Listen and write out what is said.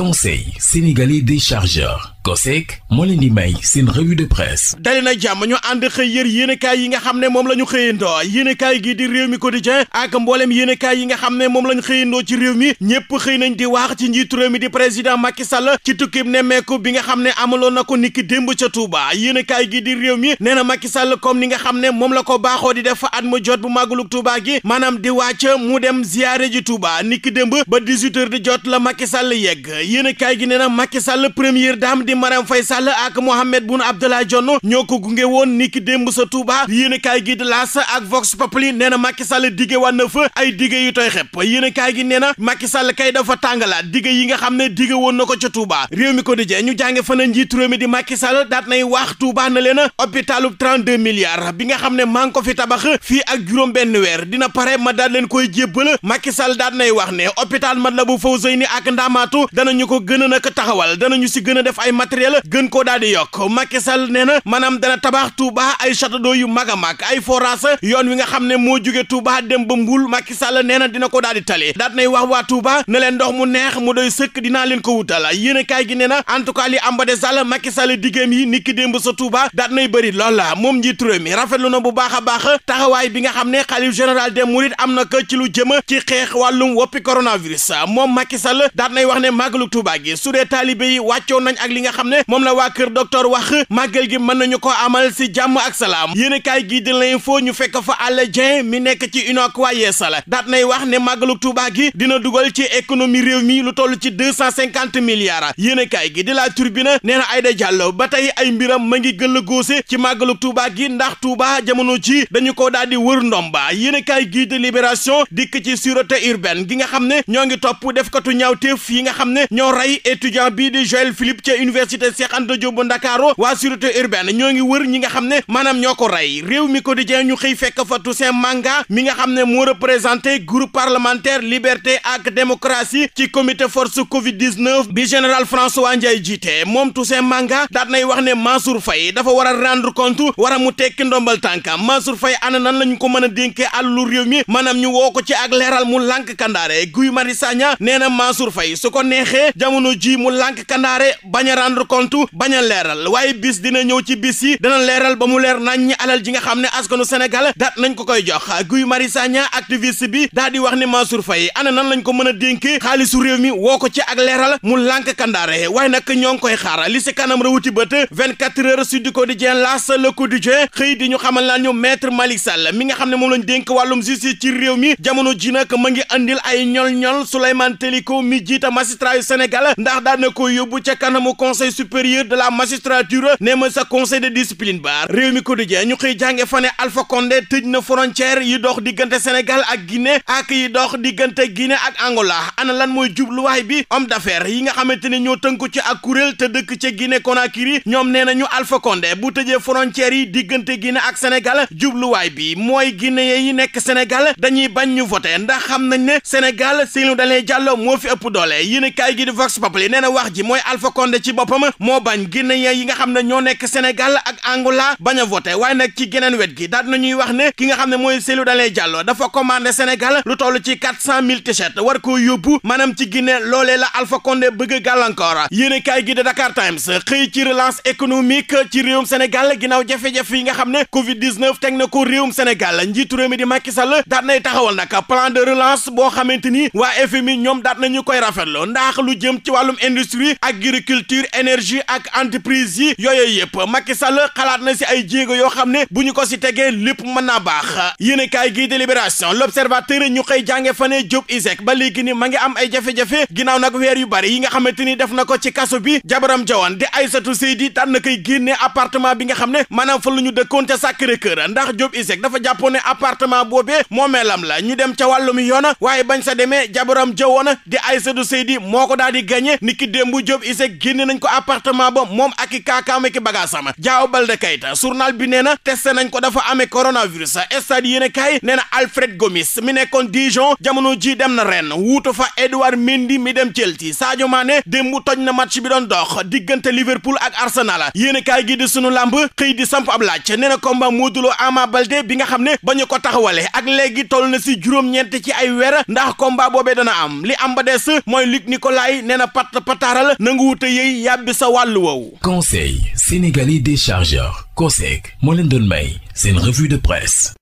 conseil sénégalais des chargeurs COSEC moo leen di may seen revue de presse dali na jàmm ñu ànd xëy yër yéenekaay yi nga xam ne moom la ñu xëyandoo yéenekaay gi di réew mi quotidien ak mbooleem yéenekaay yi nga xam ne moom la ñu xëyandoo ci réew mi ñépp xëy nañ di wax ci njiitu réew mi di président Macky Sall ci tukkib nemmeeku bi nga xam ne amaloon na ko niki démb ca Touba yéenekaay gi di réew mi nee na Macky Sall comme ni nga xam ne moom la ko baaxoo di def jot bu màggalug Touba gi maanaam di wàcc mu dem ziyaare ji Touba niki démb ba 18 di jot la Macky Sall yegg yéen kaay gi nee na Macky Sall première dame di Marème Faye Sall ak Mohamed Boun Abdallah Dionne ñoo ko gunge woon niki démb sa Touba yéen a kaay gi di L'As ak Vox Populi nee na Macky Sall dige wan na fa ay dige yu tooy xepp yéen a kaay gi nee na Macky Sall kay dafa tàngalaat dige yi nga xam ne dige woon na ko ca Touba réew mi ko di jee ñu jànge fan a njiit réew mi di Macky Sall daat nay wax Touba na leen hôpitalub 32 milliards bi nga xam ne maa ngi ko fi tabax fii ak juróom benn weer dina pare ma daat leen koy jébbal Macky Sall daat nay wax ne hôpital Matlaboul Fawzayni ak Ndamatou dana danañu ko gën a nag taxawal danañu si gën def ay matériel gën ko daal di yokk Macky Sall nee na maanaam dana tabax Touba ay château d'eau yu mag a mag ay forage yoon wi nga xam ne moo jóge Touba dem ba Mboul Macky Sall nee na dina ko daal di tali daat nay wax waa Touba ne leen ndox mu neex mu doy sëkk dinaa leen ko wutal yéen kaay gi nee na en tout cas li ba de Sall Macky Sall diggéem yi niki démb sa Touba daat nay bëri lool la moom njiitu réew rafet lu na bu baax a baax taxawaay bi nga xam ne xalif général des mourides am na ko lu jëm ci xeex wàllum woppi coronavirus moom Macky Sall daat nay wax màggalu Tuuba gi su dee taalibe yi wàccoon nañ ak li nga xam ne moom la waa kër docteur wax màggal gi mën nañu ko amal si jàmm ak salaam yenekaay gii di l'info ñu fekk fa Alla Dieng mi nekk ci UNAK waa Yeesal daat nay wax ne màggalu Tuuba gi dina dugal ci économie réew mi lu toll ci deux cent cinquante milliards yéen gi di laa Tribune nee na Aïda Diallo ba tey ay mbiram ma ngi gëll goose ci màggalu Tuuba gi ndax Tuuba jamono ci dañu ko daal di wër ndomba yéen kaay gii di Libération dikk ci sûreté urbaine gi nga xam ne ñoo ngi topp def katu ñaawteef yi nga xam ne ñoo rey étudiant bii di Joël Philippe ca université Cheikh Anta Ndakaaru waa sûreté urbaine ñoo ngi wër ñi nga xam ne maanaam ñoo ko rey réew mi quotidien ñu xëy fekk fa Toussaint Manga mi nga xam ne moo représenté groupe parlementaire liberté ak démocratie ci comité force Covid 19 bi général François Ndiaye jiite moom Toussaint Manga daat nay wax ne Mansour Faye dafa war a rendre compte war mu tekki ndombal tànkam Mansour fay ana nan la ñu ko mën a dénkee àllu réew mi maanaam ñu ko ci ak leeral mu lànk kandaare Guy Marius Sagna nee na Mansour Faye Cissé jamono ji mu lànk kandaare bañ a rendre compte bañ a leeral waaye bis dina ñëw ci bis yi dana leeral ba mu leer nañ alal ji nga xam ne askanu Sénégal daat nañ ko koy jox Guy Marius Sagna bi daa di wax ne Mansour Faye ana nan lañ ko mën a dénkee xaalisu réew mi woo ko ci ak leeral mu lànk kandaare waaye nag ñoo ngi koy xaar li si kanam rawuti bët 24 heures Sud Quotidien L'As Le Quotidien xëy di ñu xamal naa ñu maître Malick mi nga xam ne moom lañ dénk wàllum justice ci réew mi jamono ji nag ma ngi andil ay ñol ñol Souleymane mi jiita magistrat Sénégal ndax daan ko yóbbu ca kanamu conseil supérieur de la magistrature ne ma sa conseil de discipline ba réew mi quotidien ñu xëy jànge fa ne Alpha Condé tëj na frontière yi dox diggante Sénégal ak Guinée ak yi dox diggante Guinée ak Angola ana lan mooy jubluwaay bi homme d'affaires yi nga xamante ne ñoo tënku ci ak kuréel te dëkk ca Guinée Conakry ñoom nee na ñu Alpha Condé bu tëjee frontière yi diggante Guinée ak Sénégal jubluwaay bi mooy Guinée yi nekk Sénégal dañuy bañ ñu voté ndax xam nañ ne Sénégal Cellou Dalein Diallo moo fi doole yéen a kaay gi di Vox Populi nee na wax ji mooy Alpha ci boppam moo bañ Guinéen yi nga xam ne ñoo nekk Sénégal ak Angola bañ a voté waaye nag ci geneen wet gi daal na ñuy wax ne ki nga xam ne mooy Cellou Dalein Diallo dafa commandé Sénégal lu toll ci quatre cent mille t-shirt war koo yóbbu maanaam ci Guinée loolee la Alpha Condé bëgg gàllankoor yéene kaay gi de Dakar Times xëy ci relance économique ci réewum Sénégal ginnaaw jafe-jafe yi nga xam ne Covid 19 teg na ko réewum Sénégal njiitu réew mi di Macky Sall daal nay taxawal nag plan de relance boo xamante ni waa FMI ñoom daal nañu koy rafetlu ndax lu jëm ci wàllum industrie agriculture énergie ak entreprise yi yooyu yëpp Macky Sall xalaat na si ay jéego yoo xam ne bu ñu ko si tegee lépp mën naa baax yéen kaay gi délibération l'observateur ñu xëy jànge fa ne Diop ISEC ba léegi ni ma ngi am ay jafe-jafe ginnaaw nag weer yu bari yi nga xamante ni def na ko ci kaso bi jabaram jawan di Aïssatou Seydi tan na koy génne appartement bi nga xam ne maanaam fa lu ñu dëkkoon ca Sacré-Cœur ndax Diop ISEC dafa jàppoon ne appartement boobee moomeelam la ñu dem ca daal di gagné niki démbu Diop Iseg génne nañ ko appartement ba moom ak i kaakaam ak i bagaasam jaaw Balde Kayta journal bi nee na testé nañ ko dafa amee coronavirus stade yéen a kaay nee na Alfred Gomis mi nekkoon Dijon jamono ji dem na ren wuutu fa Edouard Mendy mi dem Chelsea Sadio Mané démb toj na match bi doon dox diggante Liverpool ak Arsenal yéen a kaay gi di sunu lamb xëy di samp ab laaj nee na combat Modou Lo Ama Balde bi nga xam ne ba ñu ko na si juróom-ñeent ci ay weer ndax combat boobee dana am li kaay nee na pat pataaral nanguwuta yëy yàbbi sa wàll woowu conseil sénégalais des chargeurs COSEC moo leen doon may seen revue de presse